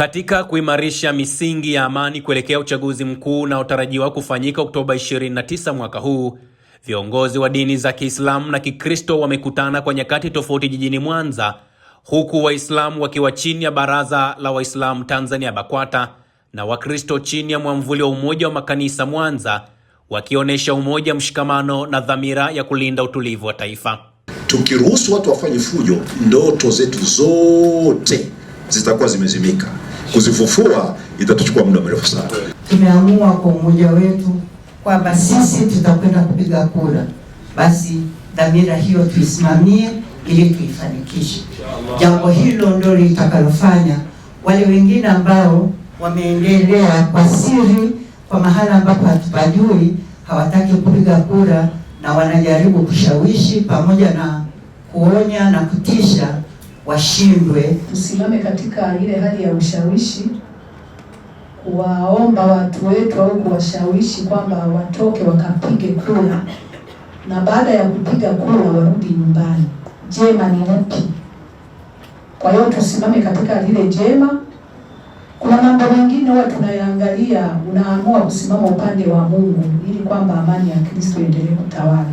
Katika kuimarisha misingi ya amani kuelekea uchaguzi mkuu unaotarajiwa kufanyika Oktoba 29 mwaka huu, viongozi wa dini za Kiislamu na Kikristo wamekutana kwa nyakati tofauti jijini Mwanza, huku Waislamu wakiwa chini ya Baraza la Waislamu Tanzania BAKWATA na Wakristo chini ya mwamvuli wa Umoja wa Makanisa Mwanza, wakionyesha umoja, mshikamano na dhamira ya kulinda utulivu wa taifa. Tukiruhusu watu wafanye fujo, ndoto zetu zote zitakuwa zimezimika kuzifufua itatuchukua muda mrefu sana. Tumeamua kwa umoja wetu kwamba sisi tutakwenda kupiga kura, basi dhamira hiyo tuisimamie ili tuifanikishe. Jambo hilo ndio litakalofanya wale wengine ambao wameendelea kwa siri, kwa mahala ambapo hatupajui, hawataki kupiga kura na wanajaribu kushawishi pamoja na kuonya na kutisha washindwe. Tusimame katika ile hali ya ushawishi, kuwaomba watu wetu au kuwashawishi kwamba watoke wakapige kura, na baada ya kupiga kura warudi nyumbani. Jema ni upi? Kwa hiyo tusimame katika lile jema. Kuna mambo mengine huwa tunayaangalia, unaamua kusimama upande wa Mungu ili kwamba amani ya Kristo iendelee kutawala.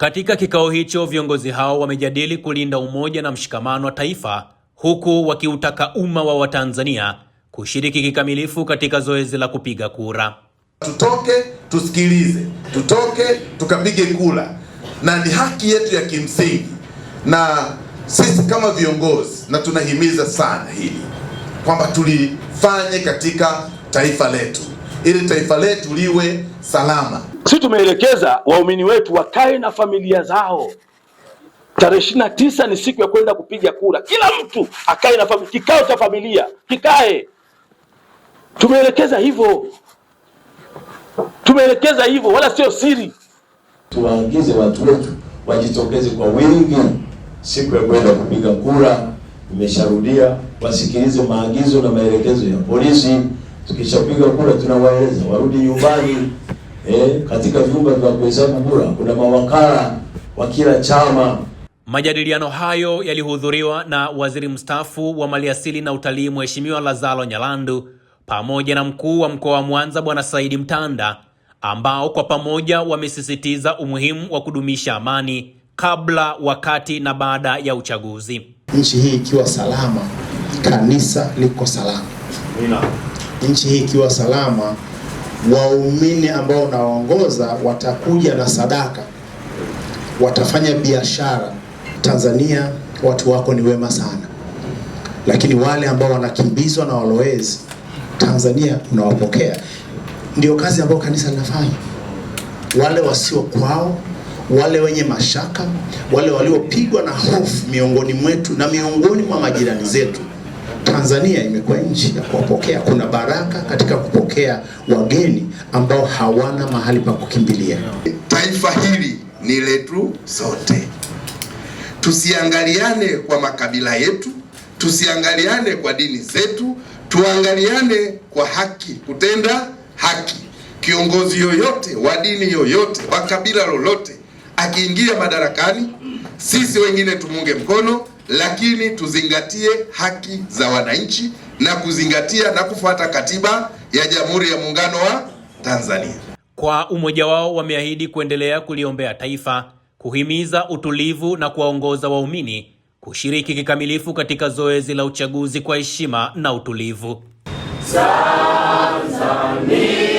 Katika kikao hicho, viongozi hao wamejadili kulinda umoja na mshikamano wa taifa huku wakiutaka umma wa Watanzania kushiriki kikamilifu katika zoezi la kupiga kura. Tutoke tusikilize, tutoke tukapige kura, na ni haki yetu ya kimsingi, na sisi kama viongozi, na tunahimiza sana hili kwamba tulifanye katika taifa letu, ili taifa letu liwe salama si tumeelekeza waumini wetu wakae na familia zao. Tarehe ishirini na tisa ni siku ya kwenda kupiga kura, kila mtu akae na familia, kikao cha familia kikae. Tumeelekeza hivyo, tumeelekeza hivyo, wala sio siri. Tuwaagize watu wetu wajitokeze kwa wingi siku ya kwenda kupiga kura. Imesharudia, wasikilize maagizo na maelekezo ya polisi. Tukishapiga kura, tunawaeleza warudi nyumbani eh, katika vyumba vya kuhesabu kura kuna mawakala wa kila chama. Majadiliano hayo yalihudhuriwa na waziri mstaafu wa maliasili na utalii Mheshimiwa lazalo Nyalandu pamoja na mkuu wa mkoa wa Mwanza Bwana Saidi Mtanda ambao kwa pamoja wamesisitiza umuhimu wa kudumisha amani kabla, wakati na baada ya uchaguzi. Nchi hii ikiwa salama, kanisa liko salama. Nchi hii ikiwa salama waumini ambao unawaongoza watakuja na sadaka, watafanya biashara Tanzania, watu wako ni wema sana, lakini wale ambao wanakimbizwa na walowezi Tanzania unawapokea. Ndio kazi ambayo kanisa linafanya. Wale wasio kwao, wale wenye mashaka, wale waliopigwa na hofu miongoni mwetu na miongoni mwa majirani zetu Tanzania imekuwa nchi ya kuwapokea. Kuna baraka katika kupokea wageni ambao hawana mahali pa kukimbilia. Taifa hili ni letu sote, tusiangaliane kwa makabila yetu, tusiangaliane kwa dini zetu, tuangaliane kwa haki, kutenda haki. Kiongozi yoyote wa dini yoyote wa kabila lolote akiingia madarakani, sisi wengine tumunge mkono lakini tuzingatie haki za wananchi na kuzingatia na kufuata katiba ya Jamhuri ya Muungano wa Tanzania. Kwa umoja wao wameahidi kuendelea kuliombea taifa, kuhimiza utulivu na kuwaongoza waumini kushiriki kikamilifu katika zoezi la uchaguzi kwa heshima na utulivu. Tanzania.